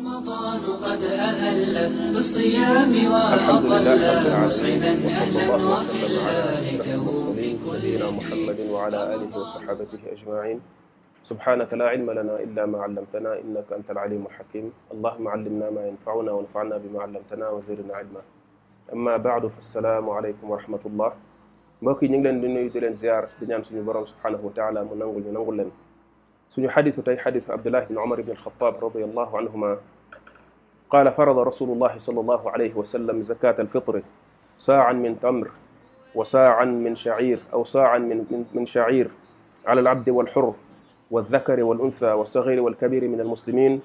رمضان قد أهل بالصيام وأطل مسعدا أهلا وخلا لته في كل محمد وعلى آله وصحابته أجمعين سبحانك لا علم لنا إلا ما علمتنا إنك أنت العليم الحكيم اللهم علمنا ما ينفعنا وانفعنا بما علمتنا وزرنا علما أما بعد فالسلام عليكم ورحمة الله mbokk yi ñu ngi leen di nuyu di leen ziar di ñaan suñu borom subhanahu wa taala mu nangul ñu nangul leen suñu xadisu tey xadisu abdullah ibn umar ibn alxataab radiallahu anhuma qaala farada rasulullahi sallallahu alayhi wa sallam zakat alfitri saaan min tamr wa saaan min shaciir aw saaan min min shaciir ala alabdi walxur والذكر والأنثى والصغير والكبير من المسلمين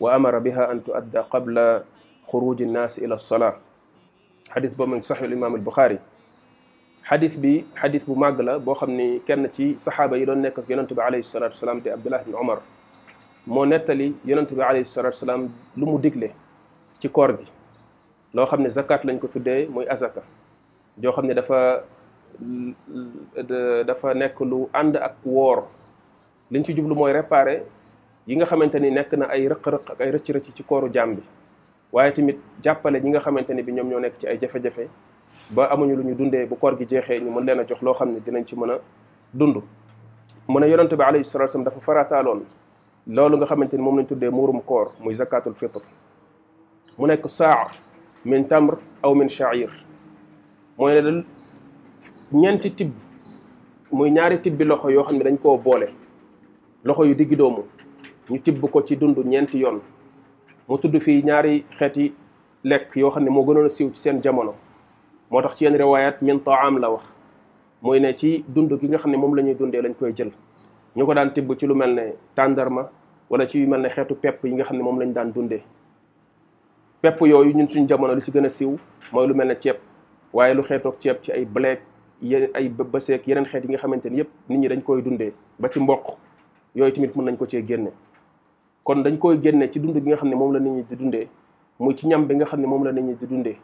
وأمر بها أن تؤدى قبل خروج الناس إلى الصلاة حديث بمن صحيح الإمام البخاري xadis bi xadis bu màgg la boo xam ni kenn ci saxaaba yi doon nekk ak yonente bi alayhi salatu wasalaam te abdullah bin omar moo nettali yonente bi alayhi salatu wasalaam lu mu digle ci koor bi loo xam ne zakat lañ ko tuddee muy azaka joo xam ne dafa dafa nekk lu ànd ak woor liñ ci jublu mooy réparé yi nga xamante ni nekk na ay rëq-rëq ak ay rëcc-rëcc ci kooru jaam bi waaye tamit jàppale ñi nga xamante ni bi ñoom ñoo nekk ci ay jafe-jafe ba amuñu lu ñu dundee bu koor gi jeexee ñu mën leen a jox loo xam ne dinañ ci mën a dund mën a yonente bi alayhi salatu dafa farataaloon loolu nga xamante ni moom lañ tuddee muurum koor muy zakatul fitr mu nekk saa min tamr aw min sha'ir mooy ne ñeenti tibb muy ñaari tibbi loxo yoo xam ne dañ koo boole loxo yu diggi doomu ñu tibb ko ci dund ñeenti yoon mu tudd fii ñaari xeeti lekk yoo xam ne moo gënoon a siiw ci seen jamono moo tax ci yenn riwaayaat min am la wax muy ne ci dund gi nga xam ne moom la ñuy dundee lañ koy jël ñu ko daan tibb ci lu mel ne tàndarma wala ci mel ne xeetu pepp yi nga xam ne moom lañ daan dundee pepp yooyu ñun suñ jamono li ci gën a siiw mooy lu mel ne ceeb waaye lu xeetoog ceeb ci ay bleek yeneen ay baseek yeneen xeet yi nga xamante ni yëpp nit ñi dañ koy dundee ba ci mboq yooyu tamit mën nañ ko cee génne kon dañ koy génne ci dund gi nga xam ne moom la nit ñi di dundee mu ci ñam bi nga xam ne moom la nit ñi di dundee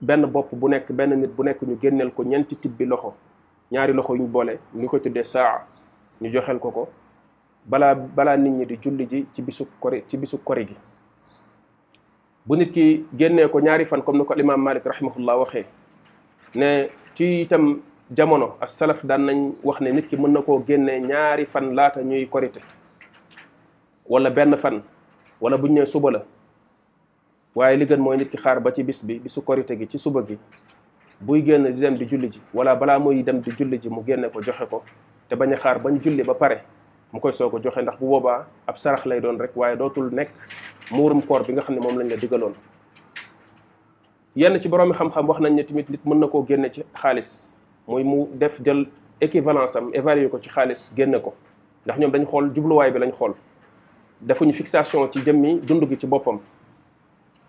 benn bopp bu nekk benn nit bu nekk ñu génneel ko ñeenti tibbi loxo ñaari loxo yu ñu boole ñu ko tuddee saa ñu joxeel ko ko balaa balaa nit ñi di julli ji ci bisu kori ci bisu kori gi bu nit ki génnee ko ñaari fan comme ni ko alimaam Malik rahimahullah waxee ne ci itam jamono as salaf daan nañ wax ne nit ki mën na koo génnee ñaari fan laata ñuy korite wala benn fan wala buñ ne suba la waaye li gën mooy nit ki xaar ba ci bis bi bisu korite gi ci suba gi buy génn di dem di julli ji wala balaa muy dem di julli ji mu génne ko joxe ko te bañ a xaar bañ julli ba pare mu koy soo ko joxe ndax bu boobaa ab sarax lay doon rek waaye dootul nekk muurum koor bi nga xam ne moom lañ la digaloon yenn ci boroomi xam-xam wax nañ ne tamit nit mën na koo génne ci xaalis muy mu def jël équivalence am évaluer ko ci xaalis génne ko ndax ñoom dañ xool jubluwaay bi lañ xool defuñu fixation ci jëmmi dund gi ci boppam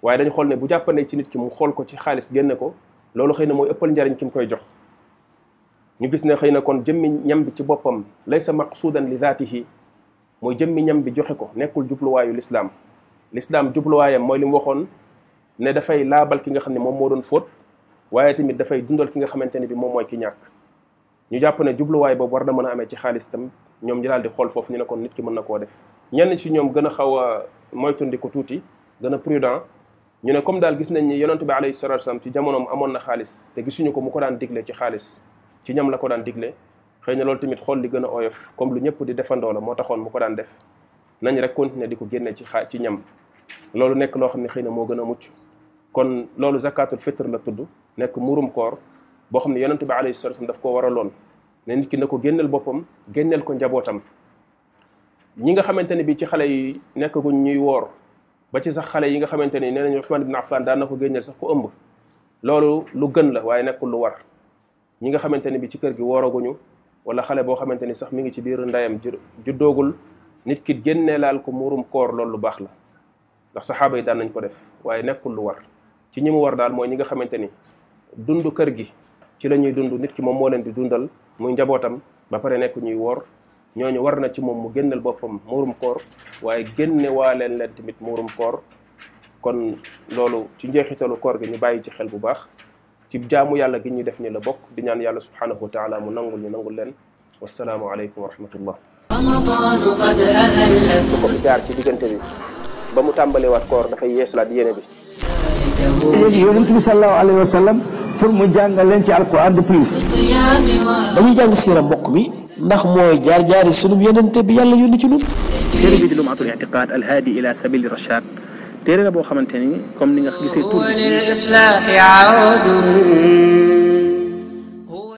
waaye dañu xool ne bu jàppandee ci nit ki mu xool ko ci xaalis génne ko loolu xëy na mooy ëppal njariñ ki mu koy jox ñu gis ne xëy na kon jëmmi ñam bi ci boppam laysa maqsuudan li daatihi mooy jëmmi ñam bi joxe ko nekkul jubluwaayu lislaam lislaam jubluwaayam mooy li mu waxoon ne dafay laabal ki nga xam ne moom moo doon fóot waaye tamit dafay dundal ki nga xamante ne bi moom mooy ki ñàkk ñu jàpp ne jubluwaay boobu war na mën a amee ci xaalis tam ñoom ñu daal di xool foofu ñu ne kon nit ki mën na koo def ñenn ci ñoom gën a xaw a moytundi ko tuuti gën a prudent ñu ne comme daal gis nañ ni yonent bi alayhi salatu wasalam ci jamonoom amoon na xaalis te gisuñu ko mu ko daan digle ci xaalis ci ñam la ko daan digle xëy na loolu tamit xool di gën a oyof comme lu ñëpp di defandoo moo taxoon mu ko daan def nañ rek continuer di ko génne ci xaa ci ñam loolu nekk loo xam ne xëy na moo gën a mucc kon loolu zakatul fitr la tudd nekk murum koor boo xam ne yonent bi alayhi salatu wasalam daf ko waraloon ne nit ki na ko génneel boppam génneel ko njabootam ñi nga xamante ne bi ci xale yi nekk guñ ñuy woor ba ci sax xale yi nga xamante ni ne nañu Ousmane Ibn Affan daan na ko génneel sax ku ëmb loolu lu gën la waaye nekkul lu war ñi nga xamante ni bi ci kër gi wooraguñu wala xale boo xamante ni sax mi ngi ci biir ndayam juddoogul nit ki laal ko muurum koor loolu lu baax la ndax saxaaba yi daan nañ ko def waaye nekkul lu war ci ñi mu war daal mooy ñi nga xamante ni dund kër gi ci la ñuy dund nit ki moom moo leen di dundal muy njabootam ba pare nekk ñuy woor ñooñu war na ci moom mu génneel boppam muurum koor waaye génne waa leen leen tamit muurum koor kon loolu ci njeexitalu koor gi ñu bàyyi ci xel bu baax ci jaamu yàlla gi ñu def ni la bokk bi ñaan yàlla subhanahu wa taala mu nangul ñu nangul leen wasalaamu aleykum wa rahmatullah su ci diggante bi ba mu tàmbalewaat koor dafay yeesalaat yéene bi wa sallam pour mu jàngal leen ci alquran de plus. dañuy jàng siira mbokk mi ndax mooy jaar jaari sunu yonente bi yàlla yónni ci ñun. téere bi di lumaatul itiqaad alhaadi ila sabili rachad téere la boo xamante ni comme ni nga gisee tur.